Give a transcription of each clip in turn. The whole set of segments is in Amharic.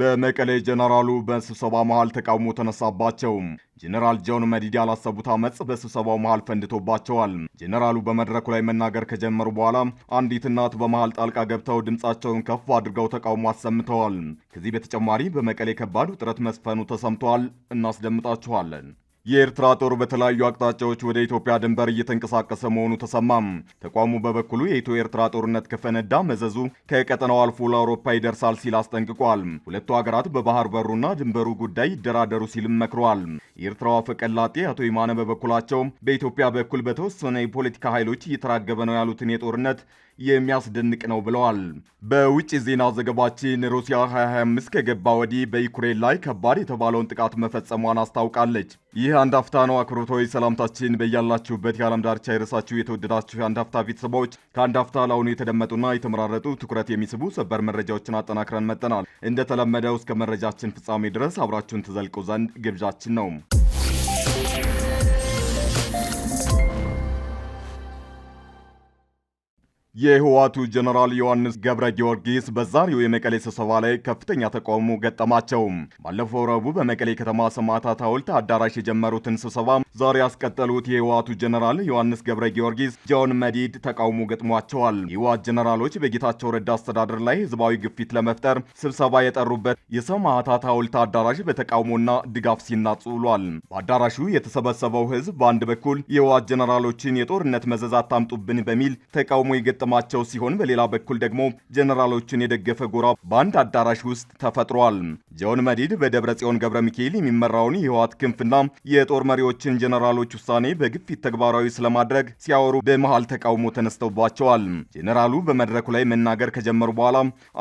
በመቀሌ ጀነራሉ በስብሰባ መሃል ተቃውሞ ተነሳባቸው። ጀነራል ጆን መዲድ ያላሰቡት አመፅ በስብሰባው መሃል ፈንድቶባቸዋል። ጀነራሉ በመድረኩ ላይ መናገር ከጀመሩ በኋላ አንዲት እናት በመሃል ጣልቃ ገብተው ድምፃቸውን ከፍ አድርገው ተቃውሞ አሰምተዋል። ከዚህ በተጨማሪ በመቀሌ ከባድ ውጥረት መስፈኑ ተሰምተዋል። እናስደምጣችኋለን። የኤርትራ ጦር በተለያዩ አቅጣጫዎች ወደ ኢትዮጵያ ድንበር እየተንቀሳቀሰ መሆኑ ተሰማም። ተቋሙ በበኩሉ የኢትዮ ኤርትራ ጦርነት ከፈነዳ መዘዙ ከቀጠናው አልፎ ለአውሮፓ ይደርሳል ሲል አስጠንቅቋል። ሁለቱ ሀገራት በባህር በሩና ድንበሩ ጉዳይ ይደራደሩ ሲልም መክረዋል። የኤርትራው አፈቀላጤ አቶ ይማነ በበኩላቸው በኢትዮጵያ በኩል በተወሰነ የፖለቲካ ኃይሎች እየተራገበ ነው ያሉትን የጦርነት የሚያስደንቅ ነው ብለዋል። በውጭ ዜና ዘገባችን ሩሲያ 2025 ከገባ ወዲህ በዩክሬን ላይ ከባድ የተባለውን ጥቃት መፈጸሟን አስታውቃለች። ይህ አንድ አፍታ ነው። አክብሮታዊ ሰላምታችን በያላችሁበት የዓለም ዳርቻ ይድረሳችሁ። የተወደዳችሁ የአንድ አፍታ ቤተሰቦች ከአንድ አፍታ ለአሁኑ የተደመጡና የተመራረጡ ትኩረት የሚስቡ ሰበር መረጃዎችን አጠናክረን መጠናል። እንደተለመደው እስከ መረጃችን ፍጻሜ ድረስ አብራችሁን ትዘልቁ ዘንድ ግብዣችን ነው። የህወሓቱ ጀነራል ዮሐንስ ገብረ ጊዮርጊስ በዛሬው የመቀሌ ስብሰባ ላይ ከፍተኛ ተቃውሞ ገጠማቸው። ባለፈው ረቡዕ በመቀሌ ከተማ ሰማዕታት ሐውልት አዳራሽ የጀመሩትን ስብሰባ ዛሬ ያስቀጠሉት የህወሓቱ ጀነራል ዮሐንስ ገብረ ጊዮርጊስ ጆን መዲድ ተቃውሞ ገጥሟቸዋል። የህወሓት ጀነራሎች በጌታቸው ረዳ አስተዳደር ላይ ህዝባዊ ግፊት ለመፍጠር ስብሰባ የጠሩበት የሰማዕታት ሐውልት አዳራሽ በተቃውሞና ድጋፍ ሲናጽ ውሏል። በአዳራሹ የተሰበሰበው ህዝብ በአንድ በኩል የህወሓት ጀነራሎችን የጦርነት መዘዝ አታምጡብን በሚል ተቃውሞ የገጠማቸው ሲሆን፣ በሌላ በኩል ደግሞ ጀነራሎችን የደገፈ ጎራ በአንድ አዳራሽ ውስጥ ተፈጥሯል። ጆን መዲድ በደብረ ጽዮን ገብረ ሚካኤል የሚመራውን የህወሓት ክንፍና የጦር መሪዎችን ጀነራሎች ውሳኔ በግፊት ተግባራዊ ስለማድረግ ሲያወሩ በመሃል ተቃውሞ ተነስተውባቸዋል። ጀነራሉ በመድረኩ ላይ መናገር ከጀመሩ በኋላ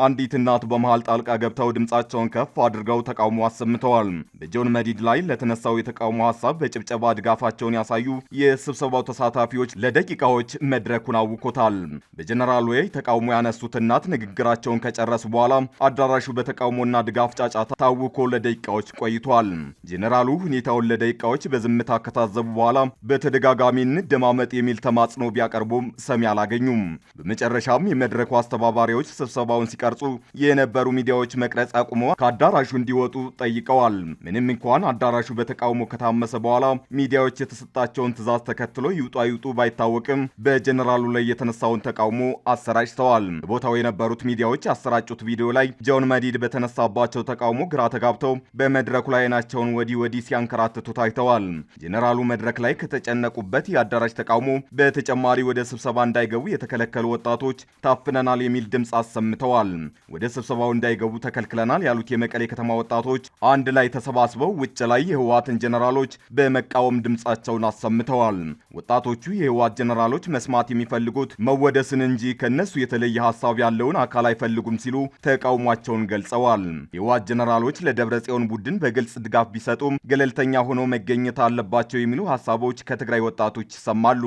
አንዲት እናት በመሃል ጣልቃ ገብተው ድምጻቸውን ከፍ አድርገው ተቃውሞ አሰምተዋል። በጆን መዲድ ላይ ለተነሳው የተቃውሞ ሀሳብ በጭብጨባ ድጋፋቸውን ያሳዩ የስብሰባው ተሳታፊዎች ለደቂቃዎች መድረኩን አውኮታል። በጀነራሉ ላይ ተቃውሞ ያነሱት እናት ንግግራቸውን ከጨረሱ በኋላ አዳራሹ በተቃውሞና ድጋፍ ጫጫታ ታውኮ ለደቂቃዎች ቆይቷል። ጀነራሉ ሁኔታውን ለደቂቃዎች በዝምታ ከታዘቡ በኋላ በተደጋጋሚ እንደማመጥ የሚል ተማጽኖ ቢያቀርቡም ሰሚ አላገኙም። በመጨረሻም የመድረኩ አስተባባሪዎች ስብሰባውን ሲቀርጹ የነበሩ ሚዲያዎች መቅረጽ አቁሞ ከአዳራሹ እንዲወጡ ጠይቀዋል። ምንም እንኳን አዳራሹ በተቃውሞ ከታመሰ በኋላ ሚዲያዎች የተሰጣቸውን ትዕዛዝ ተከትሎ ይውጡ አይውጡ ባይታወቅም በጀኔራሉ ላይ የተነሳውን ተቃውሞ አሰራጭተዋል። ቦታው የነበሩት ሚዲያዎች ያሰራጩት ቪዲዮ ላይ ጆን መዲድ በተነሳባቸው ተቃውሞ ግራ ተጋብተው በመድረኩ ላይ አይናቸውን ወዲህ ወዲህ ሲያንከራትቱ ታይተዋል። ጄኔራሉ መድረክ ላይ ከተጨነቁበት የአዳራሽ ተቃውሞ በተጨማሪ ወደ ስብሰባ እንዳይገቡ የተከለከሉ ወጣቶች ታፍነናል የሚል ድምፅ አሰምተዋል። ወደ ስብሰባው እንዳይገቡ ተከልክለናል ያሉት የመቀሌ ከተማ ወጣቶች አንድ ላይ ተሰባስበው ውጭ ላይ የህወሓትን ጀነራሎች በመቃወም ድምፃቸውን አሰምተዋል። ወጣቶቹ የህወሓት ጀነራሎች መስማት የሚፈልጉት መወደስን እንጂ ከነሱ የተለየ ሀሳብ ያለውን አካል አይፈልጉም ሲሉ ተቃውሟቸውን ገልጸዋል። የህወሓት ጀነራሎች ለደብረ ጽዮን ቡድን በግልጽ ድጋፍ ቢሰጡም ገለልተኛ ሆኖ መገኘት አለባቸው ናቸው የሚሉ ሀሳቦች ከትግራይ ወጣቶች ይሰማሉ።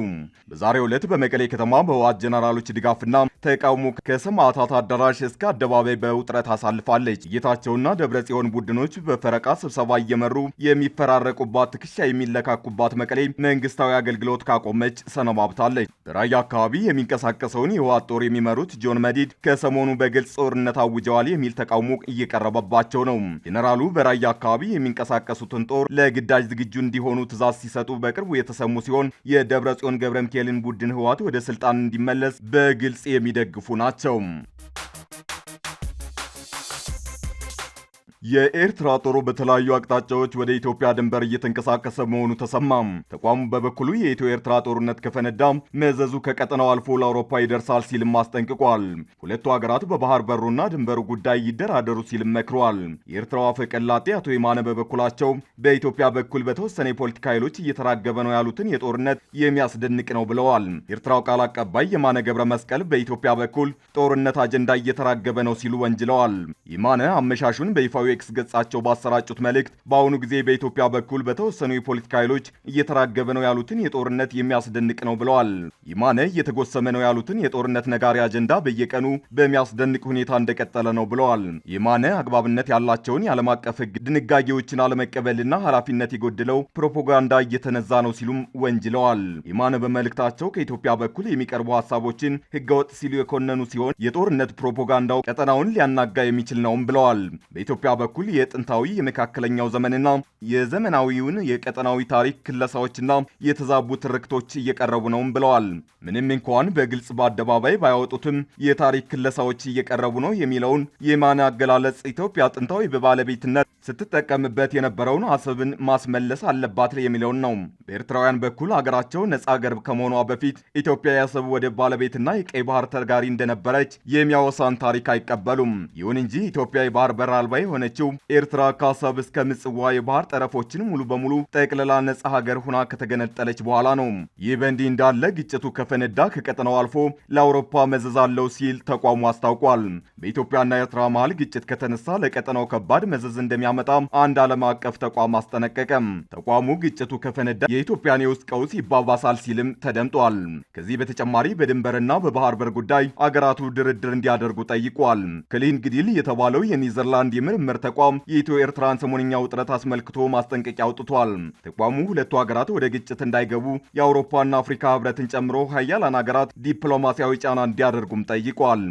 በዛሬው ዕለት በመቀሌ ከተማ በህወሓት ጀነራሎች ድጋፍና ተቃውሞ ከሰማዕታት አዳራሽ እስከ አደባባይ በውጥረት አሳልፋለች። ጌታቸውና ደብረ ጽዮን ቡድኖች በፈረቃ ስብሰባ እየመሩ የሚፈራረቁባት፣ ትከሻ የሚለካኩባት መቀሌ መንግስታዊ አገልግሎት ካቆመች ሰነባብታለች። በራያ አካባቢ የሚንቀሳቀሰውን የህወሓት ጦር የሚመሩት ጆን መዲድ ከሰሞኑ በግልጽ ጦርነት አውጀዋል የሚል ተቃውሞ እየቀረበባቸው ነው። ጄኔራሉ በራያ አካባቢ የሚንቀሳቀሱትን ጦር ለግዳጅ ዝግጁ እንዲሆኑ ትእዛዝ ምላሽ ሲሰጡ በቅርቡ የተሰሙ ሲሆን የደብረ ጽዮን ገብረ ሚካኤልን ቡድን ህወሓት ወደ ስልጣን እንዲመለስ በግልጽ የሚደግፉ ናቸው። የኤርትራ ጦሩ በተለያዩ አቅጣጫዎች ወደ ኢትዮጵያ ድንበር እየተንቀሳቀሰ መሆኑ ተሰማም። ተቋሙ በበኩሉ የኢትዮ ኤርትራ ጦርነት ከፈነዳ መዘዙ ከቀጠናው አልፎ ለአውሮፓ ይደርሳል ሲልም አስጠንቅቋል። ሁለቱ ሀገራት በባህር በሩና ድንበሩ ጉዳይ ይደራደሩ ሲልም መክሯል። የኤርትራው አፈቀላጤ አቶ የማነ በበኩላቸው በኢትዮጵያ በኩል በተወሰነ የፖለቲካ ኃይሎች እየተራገበ ነው ያሉትን የጦርነት የሚያስደንቅ ነው ብለዋል። የኤርትራው ቃል አቀባይ የማነ ገብረ መስቀል በኢትዮጵያ በኩል ጦርነት አጀንዳ እየተራገበ ነው ሲሉ ወንጅለዋል። የማነ አመሻሹን በይፋዊ በኤክስ ገጻቸው ባሰራጩት መልእክት በአሁኑ ጊዜ በኢትዮጵያ በኩል በተወሰኑ የፖለቲካ ኃይሎች እየተራገበ ነው ያሉትን የጦርነት የሚያስደንቅ ነው ብለዋል። ይማነ እየተጎሰመ ነው ያሉትን የጦርነት ነጋሪ አጀንዳ በየቀኑ በሚያስደንቅ ሁኔታ እንደቀጠለ ነው ብለዋል። ይማነ አግባብነት ያላቸውን የዓለም አቀፍ ሕግ ድንጋጌዎችን አለመቀበልና ኃላፊነት የጎደለው ፕሮፓጋንዳ እየተነዛ ነው ሲሉም ወንጅለዋል። ይማነ በመልእክታቸው ከኢትዮጵያ በኩል የሚቀርቡ ሀሳቦችን ሕገወጥ ሲሉ የኮነኑ ሲሆን የጦርነት ፕሮፓጋንዳው ቀጠናውን ሊያናጋ የሚችል ነውም ብለዋል። በኢትዮጵያ በኩል የጥንታዊ የመካከለኛው ዘመንና የዘመናዊውን የቀጠናዊ ታሪክ ክለሳዎችና የተዛቡ ትርክቶች እየቀረቡ ነውም ብለዋል። ምንም እንኳን በግልጽ በአደባባይ ባያወጡትም የታሪክ ክለሳዎች እየቀረቡ ነው የሚለውን የማን አገላለጽ ኢትዮጵያ ጥንታዊ በባለቤትነት ስትጠቀምበት የነበረውን አሰብን ማስመለስ አለባት የሚለውን ነው። በኤርትራውያን በኩል አገራቸው ነጻ አገር ከመሆኗ በፊት ኢትዮጵያ የአሰብ ወደብ ባለቤትና የቀይ ባህር ተጋሪ እንደነበረች የሚያወሳን ታሪክ አይቀበሉም። ይሁን እንጂ ኢትዮጵያ የባህር በር አልባ የሆነች የሆነችው ኤርትራ ከአሰብ እስከ ምጽዋ የባህር ጠረፎችን ሙሉ በሙሉ ጠቅልላ ነጻ ሀገር ሆና ከተገነጠለች በኋላ ነው። ይህ በእንዲህ እንዳለ ግጭቱ ከፈነዳ ከቀጠናው አልፎ ለአውሮፓ መዘዝ አለው ሲል ተቋሙ አስታውቋል። በኢትዮጵያና ኤርትራ መሀል ግጭት ከተነሳ ለቀጠናው ከባድ መዘዝ እንደሚያመጣ አንድ ዓለም አቀፍ ተቋም አስጠነቀቀም። ተቋሙ ግጭቱ ከፈነዳ የኢትዮጵያን የውስጥ ቀውስ ይባባሳል ሲልም ተደምጧል። ከዚህ በተጨማሪ በድንበርና በባህር በር ጉዳይ አገራቱ ድርድር እንዲያደርጉ ጠይቋል። ግዲል የተባለው የኒዘርላንድ የምርምር ምክር ተቋም የኢትዮ ኤርትራን ሰሞንኛ ውጥረት አስመልክቶ ማስጠንቀቂያ አውጥቷል። ተቋሙ ሁለቱ ሀገራት ወደ ግጭት እንዳይገቡ የአውሮፓና አፍሪካ ህብረትን ጨምሮ ሀያላን ሀገራት ዲፕሎማሲያዊ ጫና እንዲያደርጉም ጠይቋል።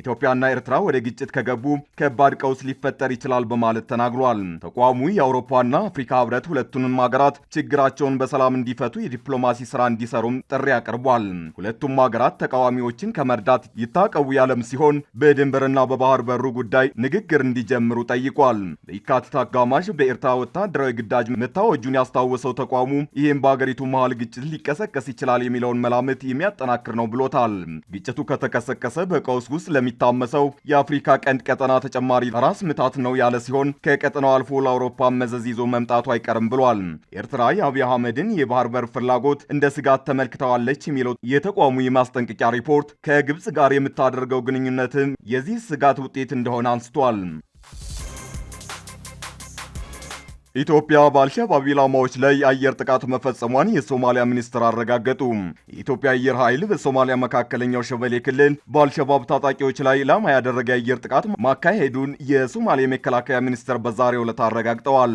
ኢትዮጵያና ኤርትራ ወደ ግጭት ከገቡ ከባድ ቀውስ ሊፈጠር ይችላል በማለት ተናግሯል። ተቋሙ የአውሮፓና አፍሪካ ህብረት ሁለቱንም ሀገራት ችግራቸውን በሰላም እንዲፈቱ የዲፕሎማሲ ስራ እንዲሰሩም ጥሪ አቅርቧል። ሁለቱም ሀገራት ተቃዋሚዎችን ከመርዳት ይታቀቡ ያለም ሲሆን በድንበርና በባህር በሩ ጉዳይ ንግግር እንዲጀምሩ ጠይቋል። ጠይቋል። በየካቲት አጋማሽ በኤርትራ ወታደራዊ ግዳጅ መታወጁን ያስታወሰው ተቋሙ ይህም በሀገሪቱ መሀል ግጭት ሊቀሰቀስ ይችላል የሚለውን መላምት የሚያጠናክር ነው ብሎታል። ግጭቱ ከተቀሰቀሰ በቀውስ ውስጥ ለሚታመሰው የአፍሪካ ቀንድ ቀጠና ተጨማሪ ራስ ምታት ነው ያለ ሲሆን ከቀጠናው አልፎ ለአውሮፓ መዘዝ ይዞ መምጣቱ አይቀርም ብሏል። ኤርትራ የአብይ አህመድን የባህር በር ፍላጎት እንደ ስጋት ተመልክተዋለች የሚለው የተቋሙ የማስጠንቀቂያ ሪፖርት ከግብጽ ጋር የምታደርገው ግንኙነትም የዚህ ስጋት ውጤት እንደሆነ አንስቷል። ኢትዮጵያ በአልሸባብ ኢላማዎች ላይ የአየር ጥቃት መፈጸሟን የሶማሊያ ሚኒስትር አረጋገጡ። የኢትዮጵያ አየር ኃይል በሶማሊያ መካከለኛው ሸበሌ ክልል በአልሸባብ ታጣቂዎች ላይ ኢላማ ያደረገ የአየር ጥቃት ማካሄዱን የሶማሊያ የመከላከያ ሚኒስትር በዛሬው ዕለት አረጋግጠዋል።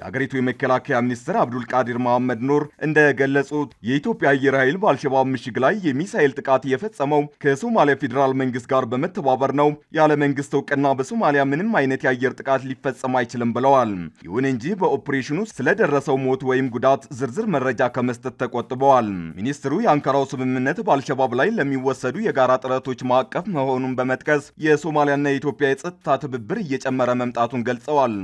የአገሪቱ የመከላከያ ሚኒስትር አብዱል ቃዲር መሐመድ ኑር እንደገለጹት የኢትዮጵያ አየር ኃይል በአልሸባብ ምሽግ ላይ የሚሳኤል ጥቃት የፈጸመው ከሶማሊያ ፌዴራል መንግስት ጋር በመተባበር ነው። ያለ መንግስት እውቅና በሶማሊያ ምንም አይነት የአየር ጥቃት ሊፈጸም አይችልም ብለዋል። ይሁን እንጂ በኦፕሬሽኑ ስለደረሰው ሞት ወይም ጉዳት ዝርዝር መረጃ ከመስጠት ተቆጥበዋል። ሚኒስትሩ የአንካራው ስምምነት በአልሸባብ ላይ ለሚወሰዱ የጋራ ጥረቶች ማዕቀፍ መሆኑን በመጥቀስ የሶማሊያና የኢትዮጵያ የጸጥታ ትብብር እየጨመረ መምጣቱን ገልጸዋል።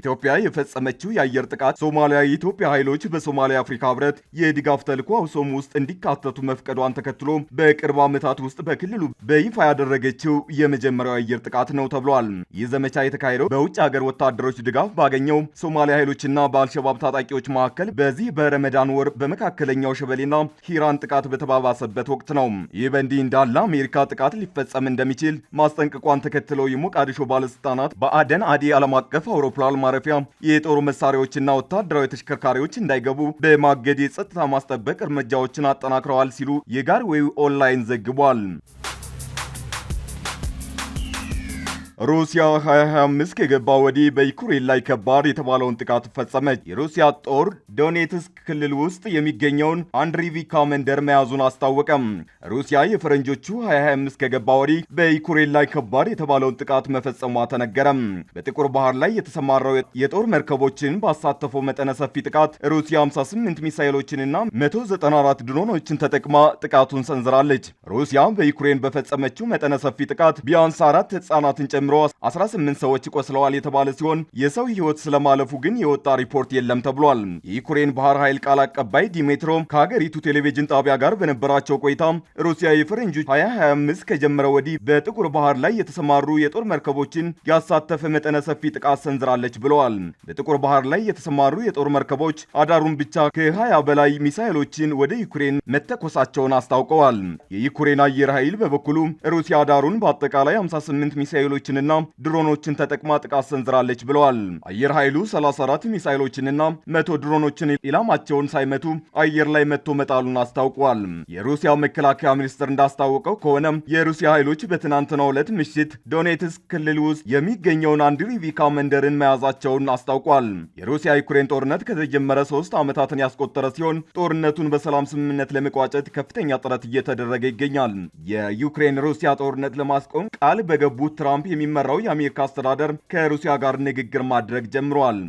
ኢትዮጵያ የፈጸመችው የአየር ጥቃት ሶማሊያ የኢትዮጵያ ኃይሎች በሶማሊያ አፍሪካ ህብረት የድጋፍ ተልዕኮ አውሶም ውስጥ እንዲካተቱ መፍቀዷን ተከትሎ በቅርብ ዓመታት ውስጥ በክልሉ በይፋ ያደረገችው የመጀመሪያው የአየር ጥቃት ነው ተብሏል። ይህ ዘመቻ የተካሄደው በውጭ ሀገር ወታደሮች ድጋፍ ባገኘው ሶማሊያ ኃይሎችና በአልሸባብ ታጣቂዎች መካከል በዚህ በረመዳን ወር በመካከለኛው ሸበሌና ሂራን ጥቃት በተባባሰበት ወቅት ነው። ይህ በእንዲህ እንዳለ አሜሪካ ጥቃት ሊፈጸም እንደሚችል ማስጠንቀቋን ተከትለው የሞቃዲሾ ባለስልጣናት በአደን አዲ ዓለም አቀፍ አውሮፕላን ማረፊያ የጦር መሳሪያዎችና ወታደራዊ ተሽከርካሪዎች እንዳይገቡ በማገድ የጸጥታ ማስጠበቅ እርምጃዎችን አጠናክረዋል ሲሉ የጋርዌው ኦንላይን ዘግቧል። ሩሲያ 2025 ከገባ ወዲህ በዩክሬን ላይ ከባድ የተባለውን ጥቃት ፈጸመች። የሩሲያ ጦር ዶኔትስክ ክልል ውስጥ የሚገኘውን አንድሪቪካ መንደር መያዙን አስታወቀም። ሩሲያ የፈረንጆቹ 2025 ከገባ ወዲህ በዩክሬን ላይ ከባድ የተባለውን ጥቃት መፈጸሟ ተነገረም። በጥቁር ባህር ላይ የተሰማራው የጦር መርከቦችን ባሳተፈው መጠነ ሰፊ ጥቃት ሩሲያ 58 ሚሳይሎችንና 194 ድሮኖችን ተጠቅማ ጥቃቱን ሰንዝራለች። ሩሲያ በዩክሬን በፈጸመችው መጠነ ሰፊ ጥቃት ቢያንስ አራት ሕጻናትን ጨምሮ 18 ሰዎች ቆስለዋል የተባለ ሲሆን የሰው ሕይወት ስለማለፉ ግን የወጣ ሪፖርት የለም ተብሏል። የዩክሬን ባህር ኃይል ቃል አቀባይ ዲሜትሮ ከሀገሪቱ ቴሌቪዥን ጣቢያ ጋር በነበራቸው ቆይታ ሩሲያ የፈረንጆች 2025 ከጀመረ ወዲህ በጥቁር ባህር ላይ የተሰማሩ የጦር መርከቦችን ያሳተፈ መጠነ ሰፊ ጥቃት ሰንዝራለች ብለዋል። በጥቁር ባህር ላይ የተሰማሩ የጦር መርከቦች አዳሩን ብቻ ከ20 በላይ ሚሳይሎችን ወደ ዩክሬን መተኮሳቸውን አስታውቀዋል። የዩክሬን አየር ኃይል በበኩሉ ሩሲያ አዳሩን በአጠቃላይ 58 ሚሳይሎችን ሚሳይሎችንና ድሮኖችን ተጠቅማ ጥቃት ሰንዝራለች ብለዋል። አየር ኃይሉ 34 ሚሳይሎችንና መቶ ድሮኖችን ኢላማቸውን ሳይመቱ አየር ላይ መጥቶ መጣሉን አስታውቋል። የሩሲያ መከላከያ ሚኒስቴር እንዳስታወቀው ከሆነ የሩሲያ ኃይሎች በትናንትናው ዕለት ምሽት ዶኔትስክ ክልል ውስጥ የሚገኘውን ሪቪካ መንደርን መያዛቸውን አስታውቋል። የሩሲያ ዩክሬን ጦርነት ከተጀመረ ሶስት ዓመታትን ያስቆጠረ ሲሆን ጦርነቱን በሰላም ስምምነት ለመቋጨት ከፍተኛ ጥረት እየተደረገ ይገኛል። የዩክሬን ሩሲያ ጦርነት ለማስቆም ቃል በገቡት ትራምፕ የሚ የሚመራው የአሜሪካ አስተዳደር ከሩሲያ ጋር ንግግር ማድረግ ጀምሯል።